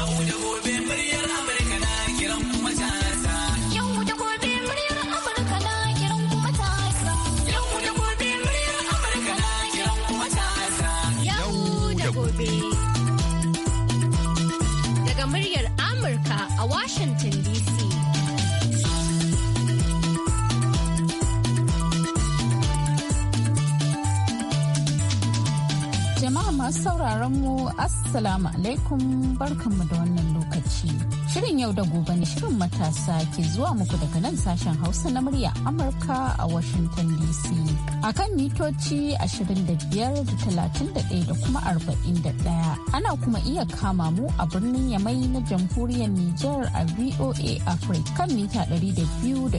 dawo gobe. Assalamu alaikum barkanmu da wannan lokaci. Shirin yau da gobe ne shirin matasa ke zuwa muku daga nan sashen Hausa na murya Amurka a Washington DC. A kan mitoci 25 da kuma 41. Ana kuma iya kama mu a birnin Yamai na jamhuriyar Nijar a VOA Africa kan mita 200.5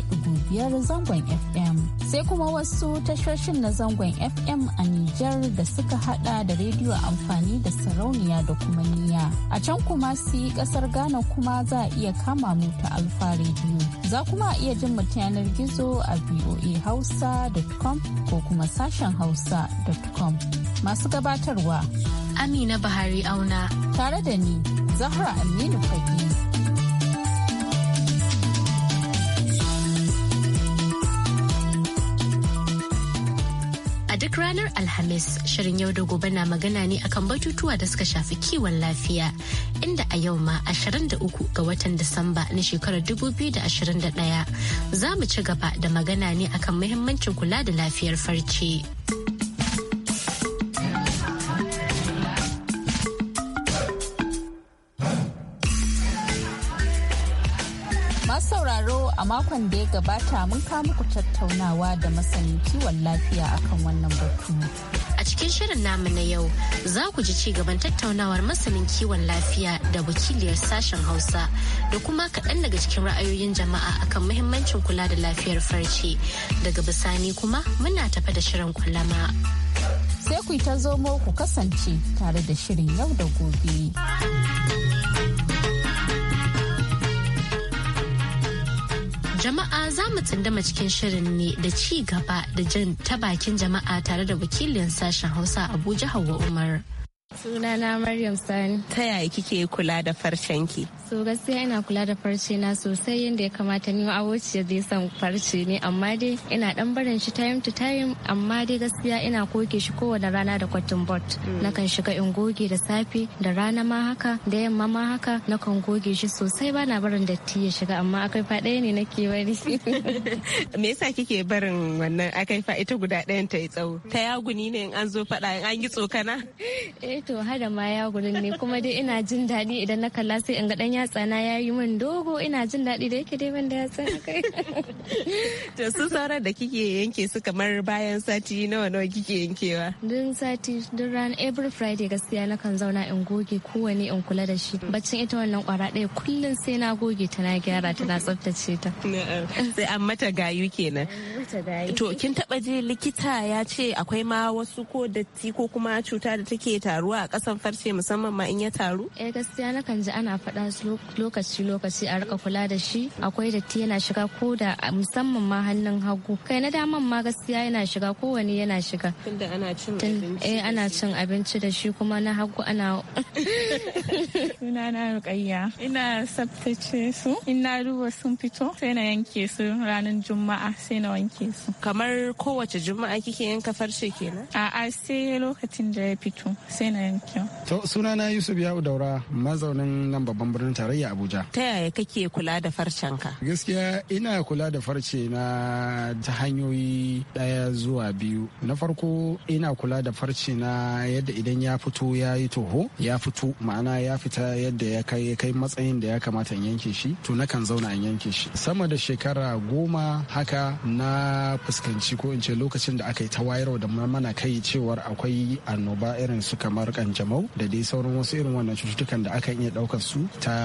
zangon FM. Sai kuma wasu tashoshin na zangon FM a Nijar da suka hada da rediyo amfani da sarauniya da kuma niyya A can kuma su yi kasar Ghana kuma za a iya kama mu ta alfa rediyo. Za kuma a iya jin mu yanar gizo a voahausa.com ko kuma sashen hausa.com. Masu gabatarwa. Amina Bahari Auna. Tare da ni, Zahra Aminu Fagi. duk ranar Alhamis shirin yau da gobe na magana ne akan batutuwa da suka shafi kiwon lafiya inda a yau ma 23 ga watan Disamba na shekarar 2021 za mu ci gaba da magana ne akan muhimmancin kula da lafiyar farce. a makon da ya gabata mun muku tattaunawa da masanin kiwon lafiya akan wannan batu. A cikin shirin namu na yau za ku ji ci gaban tattaunawar masanin kiwon lafiya da wakiliyar sashen Hausa da kuma kaɗan daga cikin ra'ayoyin jama'a akan muhimmancin kula da lafiyar farce. Daga bisani kuma muna tafa da shirin kwalama. Sai ku ta zomo ku kasance tare da shirin yau da gobe. jama'a za mu tsindama cikin shirin ne da ci gaba da jin ta bakin jama'a tare da wakilin sashen hausa abuja hawa umar sunana maryam sani ta yaya kike kula da farcenki So gaskiya ina kula da farce na sosai yadda ya kamata ni awociyar dai san farce ne amma dai ina dan barin shi time to time amma dai gaskiya ina koke shi kowane rana da cotton bud. Mm. kan shiga in goge da safe da rana ma haka da yamma ma haka na kan goge shi sosai bana barin datti ya shiga amma akai fa ɗaya ne nake bari. Me yasa kike barin wannan akai fa ita guda ɗayan ta yi tsawo? Ta yaguni ne in an zo faɗa in an yi tsokana? Eh to hada ma yagunin ne kuma dai ina jin daɗi idan na kalla sai in ga ɗan yatsa na ya yi min dogo ina jin daɗi da yake dai da yatsa tsana kai. To su sauran da kike yanke su kamar bayan sati nawa nawa kike yankewa? Dun sati dun ran every Friday gaskiya na kan zauna in goge kowane in kula da shi. Baccin ita wannan kwara ɗaya kullum sai na goge ta na gyara ta na tsaftace ta. Sai an mata gayu kenan. To kin taɓa je likita ya ce akwai ma wasu ko datti ko kuma cuta da take taruwa a ƙasan farce musamman ma in ya taru? Eh gaskiya na kan ji ana faɗa su lokaci-lokaci a rika kula da shi akwai datti yana shiga ko da musamman ma hannun hagu kai na daman ma gaskiya yana shiga kowane yana shiga tunda ana cin eh, abinci da shi kuma na hagu ana sunana rukayya ina tsaftace su in na duba sun fito sai na yanke su ranar juma'a sai na wanke su kamar kowace juma'a kike yanka farce kenan a'a sai lokacin da ya fito sai na yanke to sunana yusuf ya daura mazaunin nan babban birnin tarayya Abuja. Ta yaya kake kula da farcen ka? Gaskiya ina kula da farce na ta hanyoyi ɗaya zuwa biyu. Na farko ina kula da farce na yadda idan ya fito ya yi toho ya fito ma'ana ya fita yadda ya kai kai matsayin da ya kamata in yanke shi to na kan zauna in yanke shi. Sama da shekara goma haka na fuskanci ko in ce lokacin da aka yi ta wayarwa da mana kai cewar akwai annoba irin su kamar kanjamau da dai sauran wasu irin wannan cututtukan da aka iya ɗaukar su ta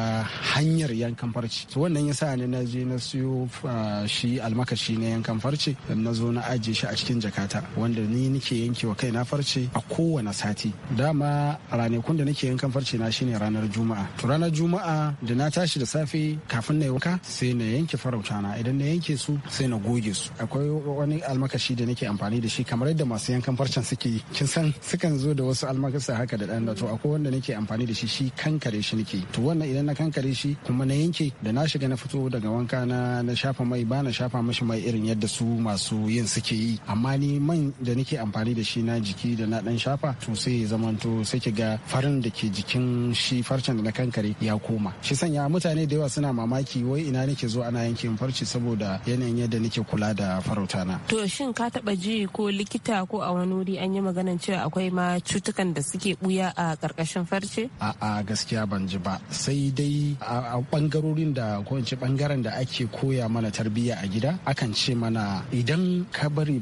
hanyar yankan farce to wannan yasa ne na je na siyo ah, shi almakashi na yankan farce na zo na ajiye shi a cikin jakata wanda ni nake yankewa kai na farce a kowane sati dama ranakun da nake yankan farce na shine ranar juma'a to ranar juma'a da na tashi da safe kafin na yi wanka sai na yanke farauta na idan na yanke su sai na goge su akwai wani almakashi da nake amfani da shi kamar yadda masu yankan farcen suke yi kin san sukan zo da wasu almakasa haka da dan to akwai wanda nake amfani da shi shi kankare shi nake to wannan na kankare shi kuma na yanke da na shiga na fito daga wanka na na shafa mai ba na shafa mashi mai irin yadda su masu yin suke yi amma ni man da nake amfani da shi na jiki da na dan shafa to sai zamanto sai ki ga farin da ke jikin shi farcen da na kankare ya koma shi sanya mutane da yawa suna mamaki wai ina nake zo ana yanke farce saboda yanayin yadda nake kula da farauta na to shin ka taba ji ko likita ko a wani wuri an yi maganan cewa akwai ma cutukan da suke buya a karkashin farce a'a gaskiya ban ji ba sai dai a bangarorin da ko bangaren da ake koya mana tarbiyya a gida akan ce mana idan ka bari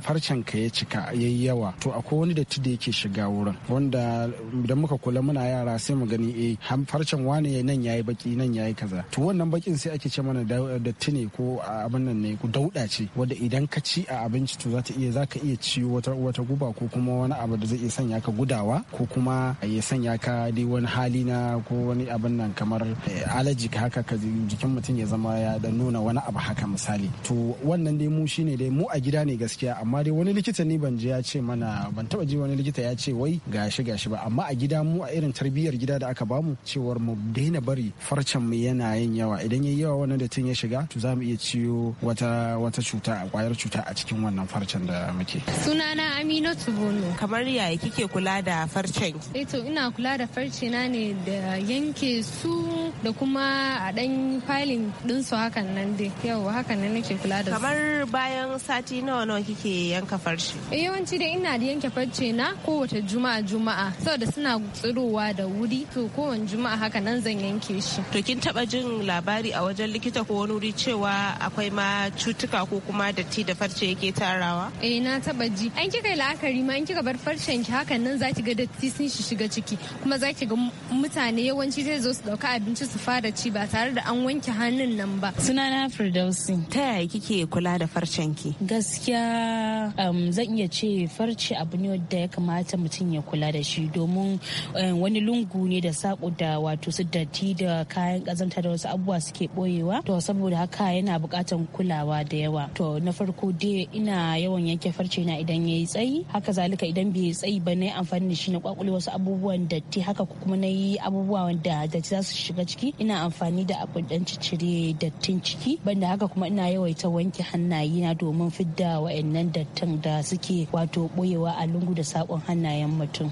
farcen ka ya cika yayi yawa to akwai wani datti da yake shiga wurin wanda idan muka kula muna yara sai mu gani eh farcen wane nan yayi baki nan yayi kaza to wannan bakin sai ake ce mana datti ne ko abin nan ne ku dauda ce wanda idan ka ci a abinci to za ta iya zaka iya ci wata wata guba ko kuma wani abu da zai iya sanya ka gudawa ko kuma ya sanya ka dai wani hali na ko wani abin nan kamar kamar eh, ka haka ka jikin mutum ya zama ya da nuna wani abu haka misali to wannan dai mu shine dai mu a gida ne gaskiya amma dai wani likita ni ban je ya ce mana ban taba ji wani likita ya ce wai gashi gashi ba amma a gida mu a irin tarbiyyar gida da aka bamu cewar mu daina bari farcen mu yana yin yawa idan yayi yawa wannan da tun ya shiga to za mu iya ciwo wata wata cuta kwayar cuta a cikin wannan farcen da muke sunana Aminatu Bono kamar yaya kike kula da farcen eh to ina kula da farce ne da yanke su su da kuma a dan filin dinsu hakan nan dai yau hakan nan nake kula da su kamar bayan sati nawa nawa kike yanka farce eh yawanci dai ina da yanke farce na kowace juma'a juma'a saboda suna tsirowa da wuri to kowace juma'a haka nan zan yanke shi to kin taba jin labari a wajen likita ko wani wuri cewa akwai ma cutuka ko kuma datti da farce yake tarawa eh na taba ji an kika la'akari ma an kika bar farcen ki hakan nan zaki ga datti sun shiga ciki kuma zaki ga mutane yawanci zai zo su dauka abinci su fara ci ba tare da an wanke hannun nan ba. Sunana Firdausi. Ta yaya kike kula da farcen ki? Gaskiya um, zan iya ce farce abu ne da ya kamata mutum ya kula da shi domin um, wani lungu ne da sako da wato su datti da kayan kazanta da wasu abubuwa suke boyewa. To saboda haka yana bukatan kulawa da yawa. To na farko dai ina yawan yanke farce na idan ya yi tsayi. Haka zalika idan bai yi tsayi ba na yi amfani da shi na kwakule wasu abubuwan datti haka kuma na yi abubuwa da datti za su shiga ciki ina amfani da abin dan cire dattin ciki banda haka kuma ina yawaita wanke hannaye na domin fidda wa'annan dattin da suke wato boyewa a lungu da sakon hannayen mutum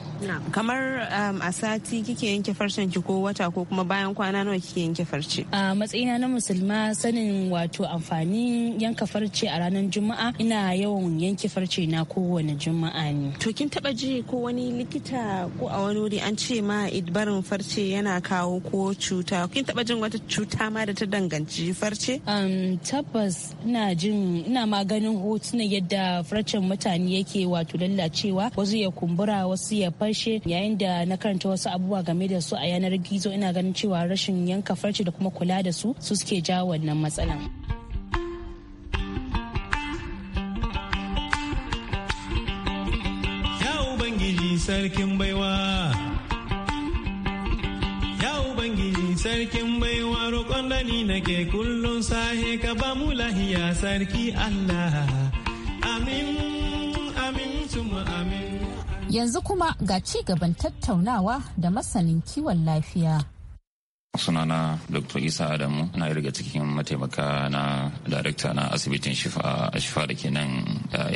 kamar um, a sati kike yanke farcen ki ko wata ko kuma bayan kwana nawa kike yanke farce a matsayina na musulma sanin wato amfani yanka farce a ranar juma'a ina yawan yanke farce na kowane juma'a ne to kin taba ji ko wani likita ko a wani wuri an ce ma idbarin farce yana kawo ko cuta kin taba jin wata cuta ma da ta danganci farce um, tabbas ina jin ina maganin hotunan yadda farcen mutane yake wato lallacewa wasu ya kumbura wasu ya fashe yayin da na karanta wasu abubuwa game da su a yanar gizo ina ganin cewa rashin yanka farce da kuma kula da su su suke jawo wannan matsalan sarkin baiwa Sarkin baiwa roƙon dani nake kullum sahe ka ba mu lahiya sarki Allah. Amin, amin, tuma amin. Yanzu kuma ga ci gaban tattaunawa da masanin kiwon lafiya. sunana dr isa adamu na daga cikin mataimaka na darakta na asibitin shifa a shifa da ke nan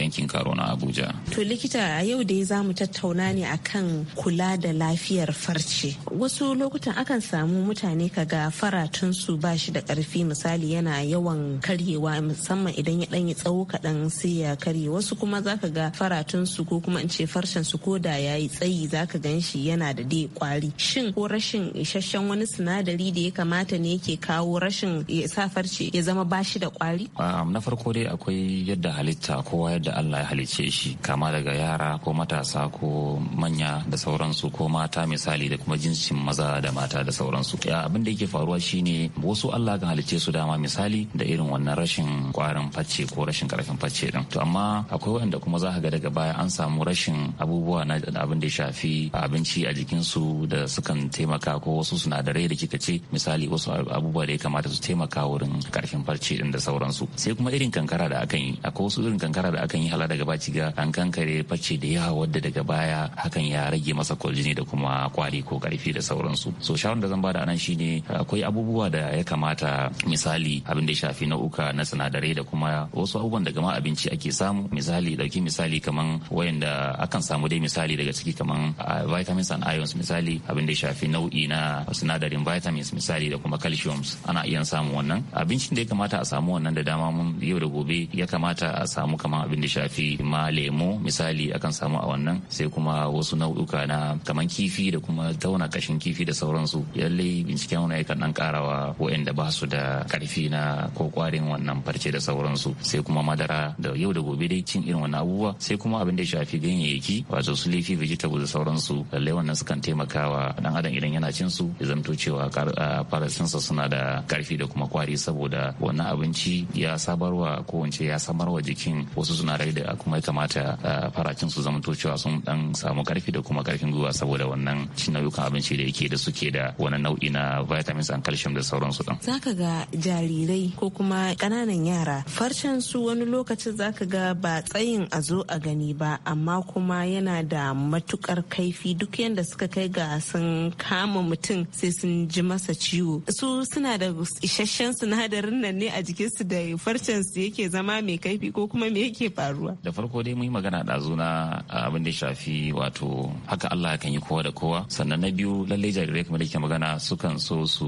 yankin karo na abuja to likita a yau dai za mu tattauna ne akan kula da lafiyar farce wasu lokutan akan samu mutane ka ga faratunsu ba shi da karfi misali yana yawan karyewa musamman idan ya ɗanyi tsawo kaɗan sai ya karye wasu kuma zaka ga faratunsu ko kuma in ce farcen su ko da ya yi tsayi zaka gan shi yana da dai kwari shin ko rashin isasshen wani sinadari sinadari da ya kamata ne yake kawo rashin sa farce ya zama bashi da kwari? Na farko dai akwai yadda halitta kowa yadda Allah ya halicce shi kama daga yara ko matasa ko manya da sauransu ko mata misali da kuma jinsin maza da mata da sauransu. Abin da yake faruwa shine wasu Allah kan halicce su dama misali da irin wannan rashin kwarin facce ko rashin karfin facce din. To amma akwai waɗanda kuma za ka ga daga baya an samu rashin abubuwa na abin da ya shafi abinci a jikinsu da sukan taimaka ko wasu sinadarai da kika aikace misali wasu abubuwa da ya kamata su taimaka wurin karfin farce din da sauransu sai kuma irin kankara da akan yi akwai wasu irin kankara da akan yi hala daga baci ga an kankare farce da yawa wadda daga baya hakan ya rage masa kwaljini da kuma kwari ko karfi da sauransu so shawarar da zan bada anan shine akwai abubuwa da ya kamata misali abin da ya shafi nau'uka na sinadarai da kuma wasu abubuwan da ma abinci ake samu misali dauki misali kaman wayanda akan samu dai misali daga ciki kaman ah, vitamins and ions misali abin da ya shafi nau'i na sinadarin vitamin vitamins misali da kuma calcium ana iya samun wannan abincin da ya kamata a samu wannan da dama mun yau da gobe ya kamata a samu kamar abin da shafi ma lemo misali akan samu a wannan sai kuma wasu nau'uka na kaman kifi da kuma tauna kashin kifi da sauransu yallai binciken wani yakan dan karawa wa'anda ba su da karfi na ko kwarin wannan farce da sauransu sai kuma madara da yau da gobe dai cin irin wannan abubuwa sai kuma abin da ya shafi ganyayyaki wato su leafy vegetables da sauransu lallai wannan sukan taimakawa dan adam idan yana cin su ya zamto cewa farasinsa suna da karfi da kuma kwari saboda wannan abinci ya sabarwa ko wance ya samarwa jikin wasu sinadarai da kuma ya kamata faracin su zama cewa sun dan samu karfi da kuma karfin gwiwa saboda wannan cin nau'ukan abinci da yake da suke da wani nau'i na vitamins and calcium da sauransu din zaka ga jarirai ko kuma kananan yara farcen su wani lokacin zaka ga ba tsayin a zo a gani ba amma kuma yana da matukar kaifi duk yanda suka kai ga sun kama mutum sai sun ji masa ciwo su suna da isasshen sinadarin nan ne a jikinsu da farcen su yake zama mai kaifi ko kuma me yake faruwa da farko dai mun magana ɗazu na abin da shafi wato haka Allah kan yi kowa da kowa sannan na biyu lallai jarirai kamar da ke magana sukan so su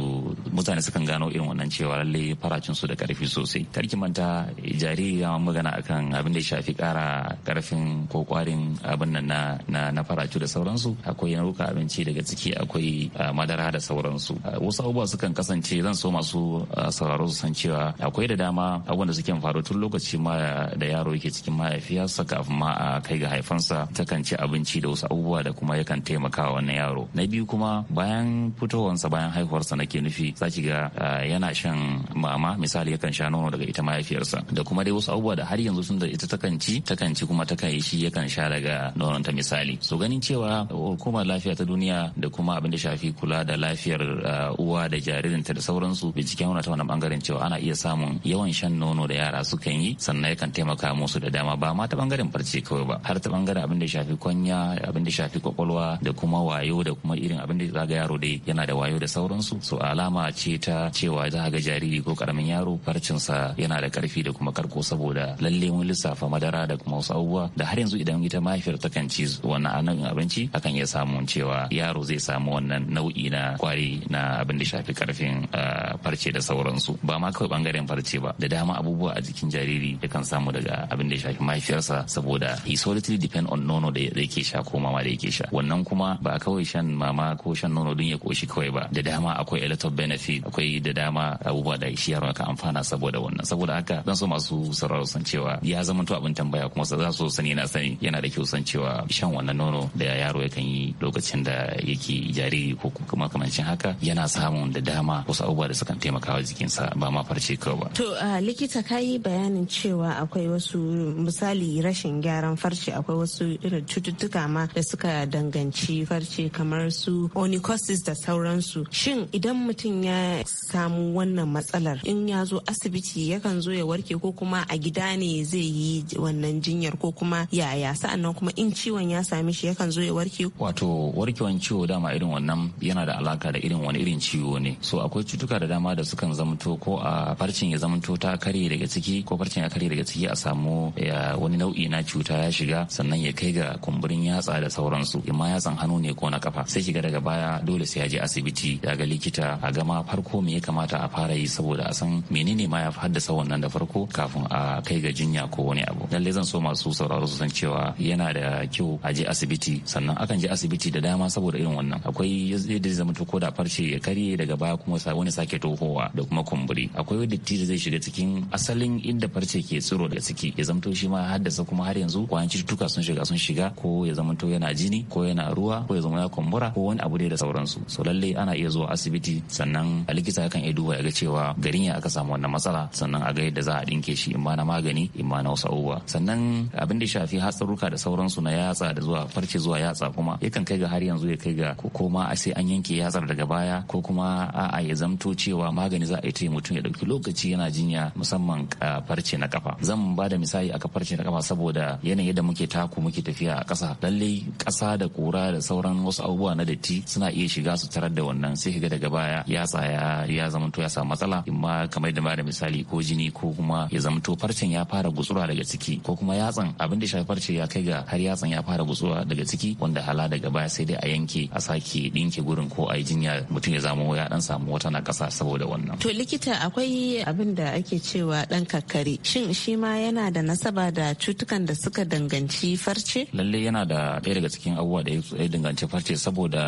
mutane sukan gano irin wannan cewa lallai faracin su da karfi sosai karki manta jariri ya magana akan abin da shafi kara karfin ko kwarin abin nan na na faracu da sauransu akwai ruka abinci daga ciki akwai madara da sauransu Eh, wasu abubuwa sukan kasance zan so masu eh, sauraro su san cewa akwai da dama abubuwan da suke faru tun lokaci ma da yaro yake cikin mahaifiyarsa kafin ma a kai ga haifansa takan ci abinci da wasu abubuwa da kuma yakan taimaka wa wannan yaro na biyu kuma bayan fitowansa bayan haihuwarsa nake nufi zaki ga eh, yana shan mama misali yakan sha nono daga ita mahaifiyarsa da kuma dai wasu abubuwa da har yanzu sun da ita takan ci takan ci kuma takan yi shi yakan sha daga nononta misali so ganin cewa hukumar lafiya ta duniya da kuma abin da shafi kula da lafiyar uwa da jaririnta da sauransu bincike nuna ta wani bangaren cewa ana iya samun yawan shan nono da yara sukan yi sannan yakan taimaka musu da dama ba ma ta bangaren farce kawai ba har ta bangaren abin da shafi kwanya abin da shafi kwakwalwa da kuma wayo da kuma irin abin da zaga yaro dai yana da wayo da sauransu so alama ce ta cewa za ga jariri ko karamin yaro farcinsa yana da karfi da kuma karko saboda lalle mun lissafa madara da kuma wasu abubuwa da har yanzu idan ita mahaifiyar ta kan ci wannan abinci akan iya samun cewa yaro zai samu wannan nau'i na kwari na na abin da shafi karfin ah, farce da sauransu ba ma kawai bangaren farce ba da dama abubuwa a jikin jariri kan samu daga abin da shafi mahaifiyarsa saboda he solitely depend on nono da yake sha ko mama da yake sha wannan kuma ba kawai shan mama ko shan nono din ya koshi kawai ba da dama akwai a lot of benefit akwai da dama abubuwa da shi yaron ka amfana saboda wannan saboda haka zan so masu sauraro san cewa ya zama to abin tambaya kuma za su sani na sani yana da kyau san cewa shan wannan nono da yaro yakan yi lokacin da yake jariri ko kuma kamancin haka yana samun da dama wasu abubuwa da sukan taimaka wa jikinsa ba ma farce kawai ba. To uh, likita ka yi bayanin cewa akwai wasu misali rashin gyaran farce akwai wasu irin cututtuka ma da suka danganci farce kamar su onycosis da sauransu. Shin idan mutum ya samu wannan matsalar in ya zo asibiti yakan zo ya warke ko kuma a gida ne zai yi wannan jinyar ko kuma yaya sa'annan kuma in ciwon ya same shi yakan zo ya warke. Wato warkewan ciwo dama irin wannan yana da alaka da irin wani irin ciwo ne so akwai cutuka da dama da sukan zamanto ko a farcin ya zamanto ta kare daga ciki ko farcin ya kare daga ciki a samu eh, wani nau'i na cuta ya shiga sannan ya kai ga kumburin yatsa da sauransu imma yatsan hannu ne ko na kafa sai shiga daga baya dole sai ya je asibiti ya ga likita a gama farko me ya kamata a fara yi saboda a san menene ma ya haddasa wannan da farko kafin a kai ga jinya ko wani abu lallai zan so masu sauraro su san cewa yana da kyau a je asibiti sannan akan je asibiti da dama saboda irin wannan akwai yadda zai zama ko da farce ya karye daga baya kuma wani sake tohowa da kuma kumburi akwai datti da zai shiga cikin asalin inda farce ke tsiro da ciki ya zamto shi ma haddasa kuma har yanzu kwayan cututtuka sun shiga sun shiga ko ya zamanto yana jini ko yana ruwa ko ya zama ya kumbura ko wani abu dai da sauransu so lalle ana iya zuwa asibiti sannan a likita yakan iya duba ya ga cewa garin ya aka samu wannan matsala sannan a ga yadda za a dinke shi in ma na magani in ma na wasu abubuwa sannan abin da shafi hatsaruka da sauransu na yatsa da zuwa farce zuwa yatsa kuma yakan kai ga har yanzu ya kai ga ko ma sai an yanke yatsar daga baya ko kuma a'a ya zamto cewa magani za a yi mutum ya ɗauki lokaci yana jinya musamman farce na kafa zan ba da misali aka farce na kafa saboda yanayin da muke taku muke tafiya a ƙasa lallai ƙasa da kura da sauran wasu abubuwa na datti suna iya shiga su tarar da wannan sai ga daga baya ya tsaya ya zamanto ya samu matsala imma kamar da da misali ko jini ko kuma ya zamanto farcen ya fara gutsura daga ciki ko kuma yatsan abin da shafi farce ya kai ga har yatsan ya fara gutsura daga ciki wanda hala daga baya sai dai a yanke a sake dinke gurin ko a yi jinya mutum mutum ya zama ya dan samu wata na kasa saboda wannan to likita akwai abin da ake cewa dan kakkare shin shi ma yana da nasaba da cutukan da suka danganci farce lalle yana da ɗaya daga cikin abubuwa da ya danganci farce saboda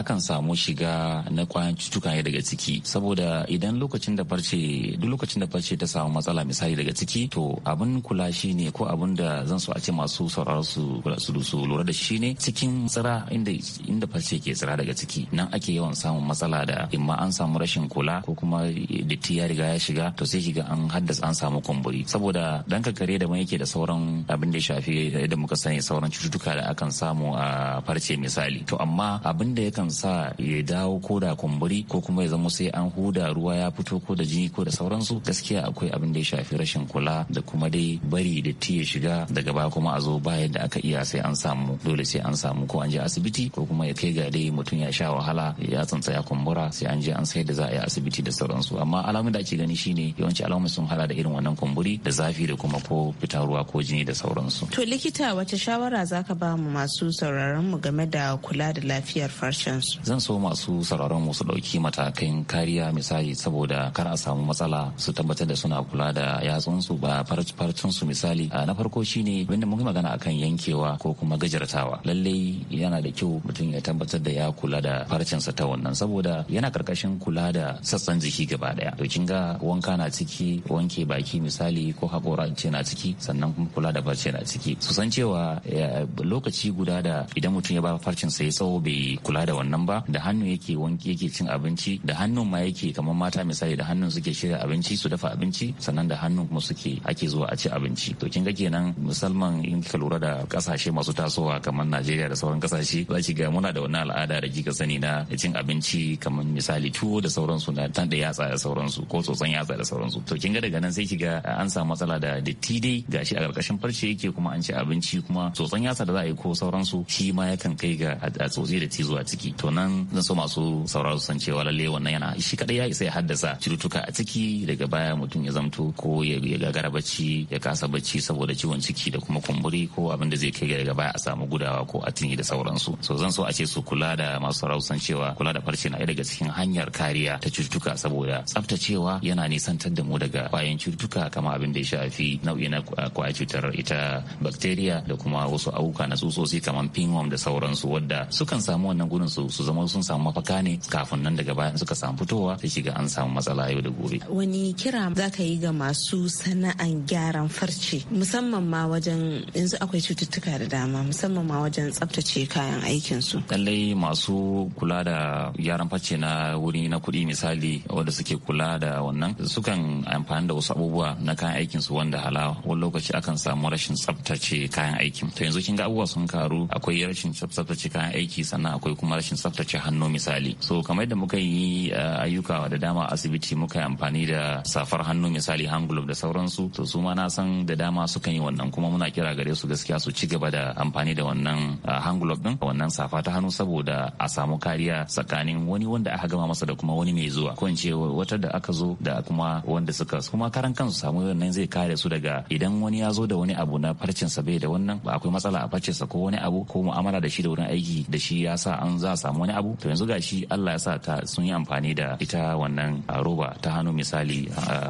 akan samu shiga na kwayan cutuka ne daga ciki saboda idan lokacin da farce duk lokacin da farce ta samu matsala misali daga ciki to abin kula shi ne ko abin da zan so a ce masu sauraro su su lura da shi ne cikin tsira inda inda farce ke tsira daga ciki nan ake yawan samun matsala da in ma an samu rashin kula ko kuma datti ya riga ya shiga to sai ga an haddasa an samu kumburi saboda dan kakare da mai yake da sauran abin da ya shafi da muka sani sauran cututtuka da akan samu a farce misali to amma abin da yakan sa ya dawo ko da kumburi ko kuma ya zama sai an huda ruwa ya fito ko da jini ko da sauransu gaskiya akwai abin da ya shafi rashin kula da kuma dai bari datti ya shiga daga baya kuma a zo ba yadda aka iya sai an samu dole sai an samu ko an je asibiti ko kuma ya kai ga dai mutum ya sha wahala ya tsantsa ya kumbura sai an je an sai da za a yi asibiti da sauransu amma alamun da ake gani shine yawanci alamun sun hada da irin wannan kumburi da zafi da kuma ko fitar ruwa ko jini da sauransu to likita wace shawara zaka ba mu masu sauraron mu game da kula da lafiyar farshen su zan so masu sauraron mu su dauki matakan kariya misali saboda kar a samu matsala su tabbatar da suna kula da yatsunsu ba farcin su misali na farko shine abinda muka magana akan yankewa ko kuma gajartawa lallai yana da kyau mutum ya tabbatar da ya kula da farcinsa sa ta wannan saboda yana karkashin kula da sassan jiki gaba daya to kin ga wanka na ciki wanke baki misali ko hakora ce na ciki sannan kuma kula da barci na ciki su san cewa eh, lokaci guda da idan mutum ya ba farcin sai tsawo bai kula da wannan ba da hannu yake wanke yake cin abinci da hannun ma yake kamar mata misali da hannun suke shirya abinci su dafa abinci sannan da hannun kuma suke ake zuwa a ci abinci to kin ga kenan musamman in ka lura da kasashe masu tasowa kamar Najeriya da sauran kasashe za ki ga muna da wannan al'ada da kika sani na cin abinci abinci kamar misali tuwo da sauransu na tan da yatsa da sauransu ko tsotson yatsa da sauransu to kin ga daga nan sai kiga an samu matsala da datti dai gashi a karkashin farce yake kuma an ci abinci kuma tsotson yatsa da za a yi ko sauransu shi ma yakan kai ga a tsotsi da zuwa ciki to nan zan so masu sauraro san cewa lalle wannan yana shi kadai ya isa ya haddasa cututtuka a ciki daga baya mutum ya zamto ko ya gagara bacci ya kasa bacci saboda ciwon ciki da kuma kumburi ko abin da zai kai ga daga baya a samu gudawa ko a tinyi da sauransu so zan so a ce su kula da masu sauraro cewa kula da farce rigakafi na daga cikin hanyar kariya ta cututtuka saboda tsaftacewa yana nisantar da mu daga kwayan cututtuka kamar abin da ya shafi nau'i na kwayar cutar ita bacteria da kuma wasu auka na tsutsotsi kamar pinworm da sauransu wadda sukan samu wannan gurin su su zama sun samu mafaka ne kafin nan daga bayan suka samu fitowa sai shiga an samu matsala yau da gobe. Wani kira za ka yi ga masu sana'an gyaran farce musamman ma wajen yanzu akwai cututtuka da dama musamman ma wajen tsaftace kayan aikin su. Lallai masu kula da gyaran face na wuri na kuɗi misali wanda suke kula da wannan sukan amfani da wasu abubuwa na kayan aikin su wanda halawa wani lokaci akan samu rashin tsaftace kayan aikin to yanzu kin ga abubuwa sun karu akwai rashin tsaftace kayan aiki sannan akwai kuma rashin tsaftace hannu misali so kamar yadda muka yi eh, ayyuka da dama a asibiti muka yi amfani da safar hannu misali hand da sauransu to su ma na san da dama sukan yi wannan kuma muna kira gare su gaskiya su ci gaba da amfani da wannan eh, hand glove din wannan safa ta hannu saboda a samu kariya tsakanin wani wanda aka gama masa da kuma wani mai zuwa ko in ce wata da aka zo da kuma wanda suka kuma karan kansu samu wannan zai kare su daga idan wani ya zo da wani abu na farcin sa bai da wannan ba akwai matsala a farcin sa ko wani abu ko mu'amala da shi da wurin aiki da shi ya sa an za a samu wani abu to yanzu gashi Allah ya sa ta sun yi amfani da ita wannan roba ta hannu misali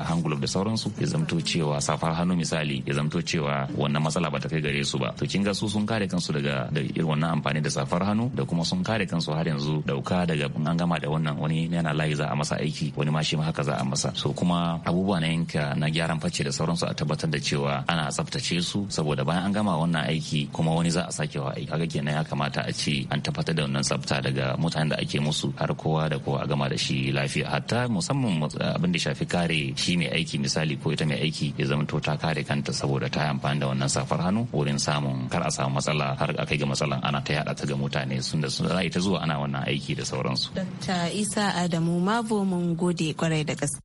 hangulub da sauransu ya zamto cewa safar hannu misali ya zamto cewa wannan matsala ba ta kai gare su ba to kin ga su sun kare kansu daga da irin wannan amfani da safar hannu da kuma sun kare kansu har yanzu dauka daga an gama da wannan wani yana layi za a masa aiki wani ma shi ma haka za a masa so kuma abubuwa na yanka na gyaran face da sauransu a tabbatar da cewa ana tsaftace su saboda bayan an gama wannan aiki kuma wani za a sake wa aiki kaga kenan ya kamata a ce an tabbatar da wannan tsafta daga mutanen da ake musu har kowa da kowa a gama da shi lafiya hatta musamman abin da shafi kare shi mai aiki misali ko ita mai aiki ya zamanto ta kare kanta saboda ta yi amfani da wannan safar hannu wurin samun kar a samu matsala har a kai ga matsalan ana ta yada ta ga mutane sun da za a ta zuwa ana wannan aiki da sauransu Dr. Isa Adamu Mavo mun gode kwarai da gaske.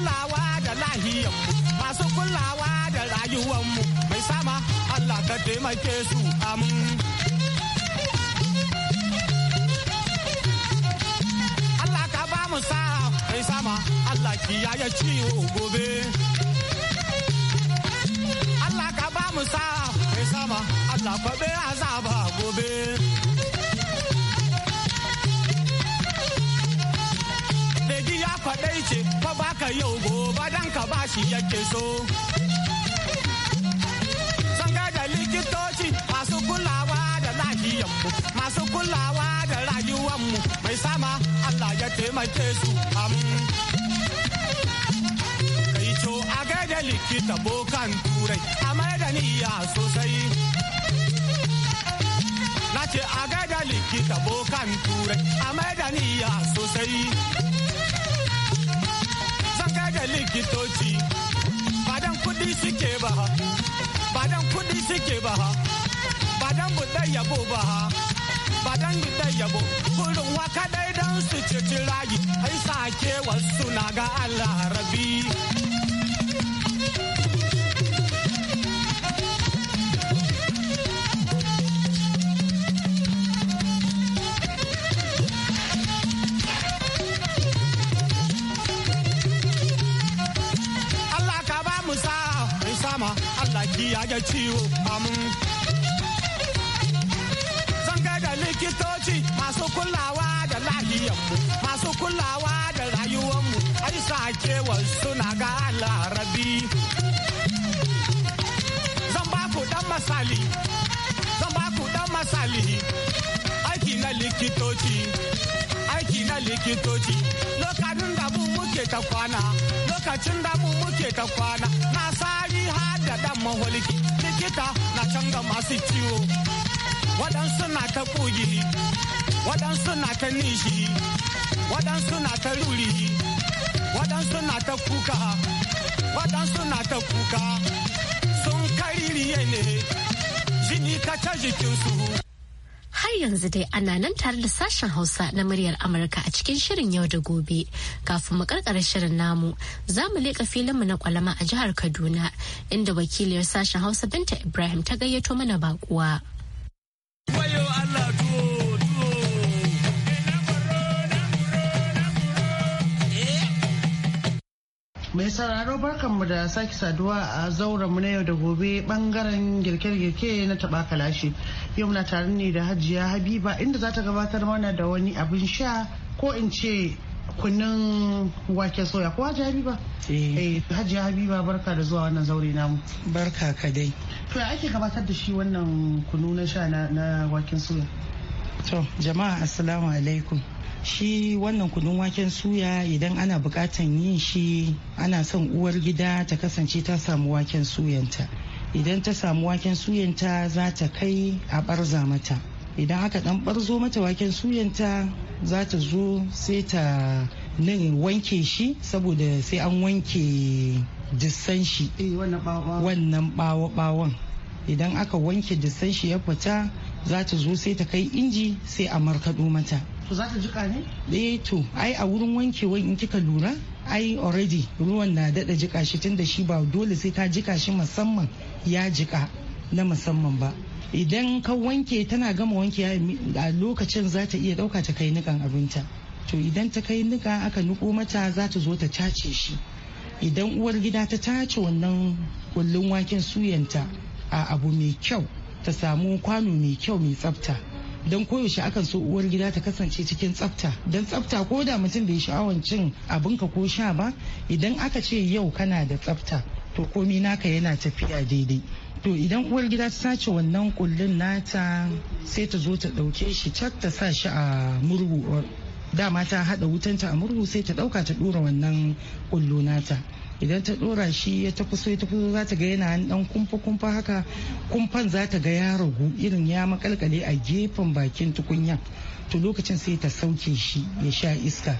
kulawa da lahiyar masu kulawa da mu mai sama Allah ka taimake su amin. Allah ka ba mu sa mai sama Allah kiyaye ciwo gobe. Allah ka ba mu sa mai sama Allah kwabe azaba gobe. kwaɗai ce fa baka yau gobe dan ka ba bashi yake so sanga da likitoci masu kulawa da lahiyanmu masu kulawa da rayuwanmu mai sama Allah ya taimake su am kai co a gaida likita bokan turai a mai da niyya sosai na ce a gaida likita bokan turai a da maidaniya sosai da likitoci badan kudi suke ba ha badan kudi suke ba ha badan budan yabo ba ha badan budan yabo burin waka dai dan su ceci rayu ai sake wasu na ga Allah rabi bari ya ga ciwo amin. Zan da likitoci masu kulawa da lahiyanmu, masu kulawa da rayuwanmu, ai sakewar na ga larabi. Zan ba ku dan masali, zan ba ku dan masali, aiki na likitoci. aiki na likitoci lokacin da mu muke ta kwana lokacin da mu muke ta kwana na sa da dan likita na canza masu ciwo waɗansu na ta kogi waɗansu na ta nishi waɗansu na ta ruri waɗansu na ta kuka waɗansu na ta kuka sun kaririye ne jini ta ta su. har yanzu dai ana nan tare da sashen Hausa na muryar Amurka a cikin shirin yau da gobe. Kafin mu karkara shirin namu, za mu leƙa filinmu na kwalama a jihar Kaduna, inda wakiliyar sashen Hausa Binta Ibrahim ta gayyato mana bakuwa. mai sauraro barkanmu da sake saduwa a zauren mu na yau da gobe bangaren girke-girke na taba kalashi lafiya muna tare ne da hajiya habiba inda za ta gabatar mana da wani abin sha ko in ce kunnin wake soya ko hajiya habiba eh. eh hajiya habiba barka da zuwa wannan zaure namu barka ka dai to ya ake gabatar da shi wannan kunu na sha na waken soya to jama'a assalamu alaikum shi wannan kunun waken suya idan ana bukatan yin shi ana son uwar gida ta kasance ta samu waken suyanta idan ta samu waken suyanta za ta kai a barza mata idan aka dan barzo mata waken suyanta za ta zo sai ta nan wanke shi saboda sai an wanke dusan shi eh, wannan bawo-bawon idan aka wanke dusan shi ya fita za ta zo sai ta kai inji sai a markaɗo mata to za ta jika ne? eh to ai a wurin wankewan in kika lura ai already ruwan na dada jika shi tun da shi ba dole sai ka jika shi musamman ya jika na musamman ba idan ka wanke tana gama wanke a lokacin za ta iya dauka ta kai nikan abinta to idan ta kai nika aka niko mata za ta zo ta tace shi idan uwar gida ta tace wannan kullun waken suyanta a abu mai kyau ta samu kwano mai kyau mai tsafta don koyaushe akan so uwar gida ta kasance cikin tsafta don tsafta ko da mutum bai sha'awancin cin abinka ko sha ba idan aka ce yau kana da tsafta to komi naka yana tafiya daidai to idan uwar gida ta sace wannan kullun nata sai ta zo ta dauke shi cak ta sa shi a murhu dama ta haɗa wutanta a murhu sai ta dauka ta dora wannan kullu nata idan ta dora shi ya ta kuso za ta ga yana an dan kumfa kumfa haka kumfan za ta ga ya ragu irin ya makalkale a gefen bakin tukunya to lokacin sai ta sauke shi ya sha iska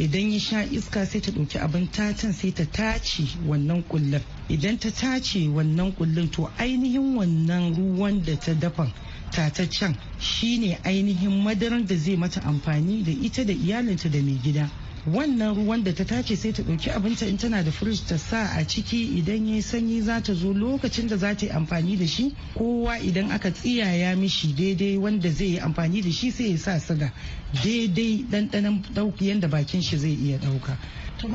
idan ya sha iska sai ta ɗauki abin tatan sai ta tace wannan kullum idan ta tace wannan kullun to ainihin wannan ruwan da ta dafa tataccen shine ainihin madarar da zai mata amfani da ita da iyalinta da mai gida wannan ruwan da ta tace sai ta ɗauki abinta in tana da firij ta sa a ciki idan ya sanyi za ta zo lokacin da za ta yi amfani da shi kowa idan aka tsiyaya mishi daidai wanda zai yi amfani da shi sai ya sa siga daidai ɗanɗanon yadda bakin shi zai iya ɗauka to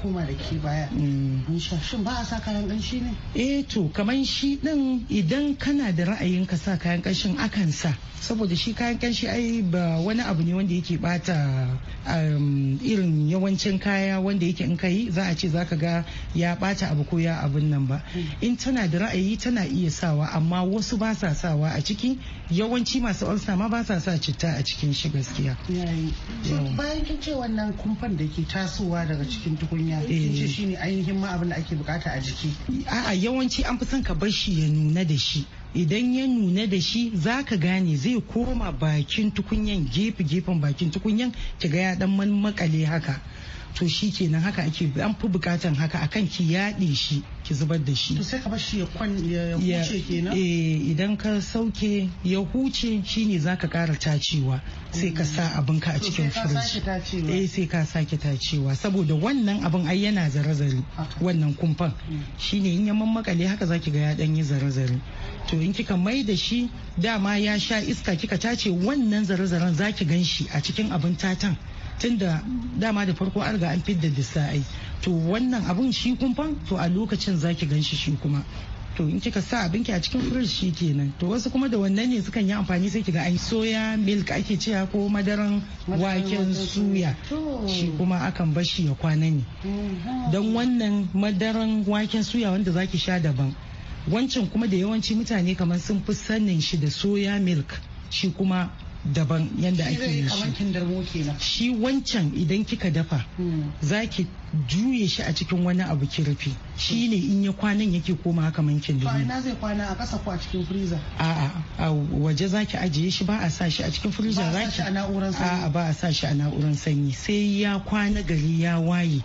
koma da ke baya mm. sha a sa kayan kanshi ne eh to kaman shi din idan kana da ra'ayin ka kayan kanshin akan sa saboda shi kayan kanshi ai ba wani abu ne wanda yake bata um, irin yawancin kaya wanda yake in kai za a ce ka ga ya bata abu ko ya abun nan ba mm. in tana da ra'ayi tana iya sawa amma wasu ba sa sawa a ciki yawanci masu ulcer ma ba sa sa citta a cikin shi gaskiya bayan kin ce wannan kumfan da ke tasowa daga cikin tukunya eh. shi shine ainihin ma abin da ake bukata a jiki a'a yawanci an fi son ka bar shi ya nuna da shi idan ya nuna da shi za ka gane zai koma bakin tukunyan gefe gefen bakin tukunyan kiga ya dan makale haka to shi kenan haka ake an fi bukatan haka a kan ki yaɗe shi ki zubar da shi. sai ka shi ya kwan ya huce kenan? Eh, idan ka sauke ya huce shine ka kara tacewa sai ka sa abin ka a cikin firij. Eh sai ka sake tacewa saboda wannan abin ai yana zare-zare wannan kumfan mm. shine in ya mammakale haka zaki ga ya ɗan yi zare-zare. To in kika mai da shi dama ya sha iska kika tace wannan zare-zaren za ki gan shi a cikin abin tatan. tunda dama da farko an riga an fidda da ai to wannan abun shi kumfan to a lokacin zaki ganshi shi kuma to in kika sa abinki a cikin firij shi kenan to wasu kuma da wannan ne sukan yi amfani sai kiga an soya milk ake cewa ko madaran waken suya shi kuma akan bashi ya kwana ne don wannan madaran waken suya wanda zaki sha daban wancan kuma da yawanci mutane kamar sun fi sanin shi da soya milk shi kuma daban yadda ake yi shi shi wancan idan kika dafa hmm. za ki juye shi a cikin wani abu ki rufe shi ne in ya kwanan yake koma haka mankin da kwana zai kwana a kasa ko a cikin freezer a a waje za ki ajiye shi ba a sa shi a cikin freezer za ki a ba a sa shi a na'urar sanyi sai ya kwana gari ya waye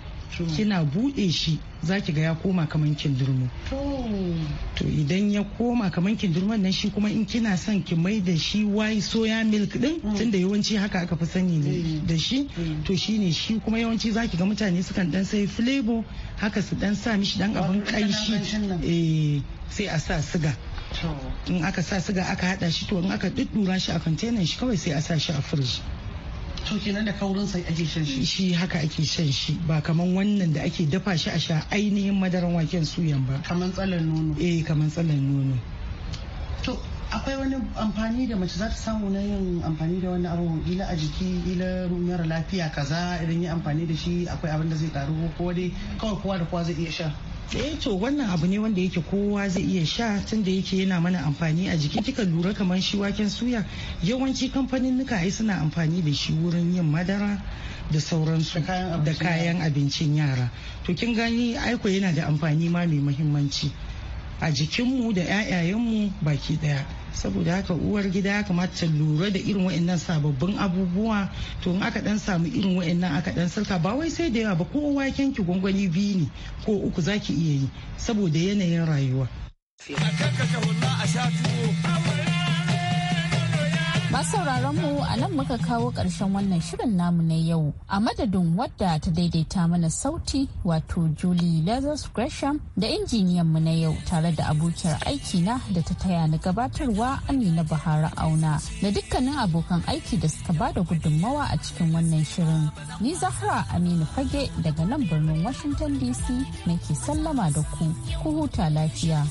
kina bude shi za ki ga ya koma kaman kindurmo oh. to idan ya koma kaman kindurmon nan shi kuma in kina son ki mai da shi wai soya milk din mm. tunda yawanci haka aka fi sani mm. da shi mm. to shine shi kuma yawanci za ki ga mutane sukan dan sai flavor haka su dan sa mishi dan abin kaishi eh sai a sa suga. in aka sa suga aka hada shi to in aka duddura shi a kwantenan shi kawai sai a sa shi a firiji to kenan da kaurin sai ake shan shi shi haka ake shan shi ba kaman wannan da ake dafa shi a sha ainihin madaran waken suyan ba kaman tsalan nono eh kaman tsalan nono to akwai wani amfani da mace za ta samu na yin amfani da wani abu ila a jiki ila mara lafiya kaza idan yi amfani da shi akwai abin da zai karu ko dai kawai kowa da kowa zai iya sha eh to wannan abu ne wanda yake kowa zai iya sha tunda yake yana mana amfani a jiki kika lura kamar shi waken suya yawanci kamfanin nuka ai suna amfani da shi wurin yin madara da sauransu da kayan abincin yara to kin gani aiko yana da amfani ma mai muhimmanci a jikinmu da 'ya'yayenmu baki daya saboda haka uwar gida ya kamata ta lura da irin wa'annan sababbin abubuwa to in aka dan samu irin wa'annan aka dan sarka ba wai sai da yawa ba ko waken ki gwangwani biyu ne ko uku zaki iya yi saboda yanayin rayuwa a sha Masu sauraron mu a nan muka kawo ƙarshen wannan shirin namu na yau a madadin wadda ta daidaita mana sauti wato Julie Lazarus Gresham da injiniyan mu na yau tare da abokiyar aiki na da ta taya ni gabatarwa Amina Bahara Auna da dukkanin abokan aiki da suka ba da gudunmawa a cikin wannan shirin. Ni Zahra Aminu Fage daga nan birnin Washington DC nake sallama da ku ku huta lafiya.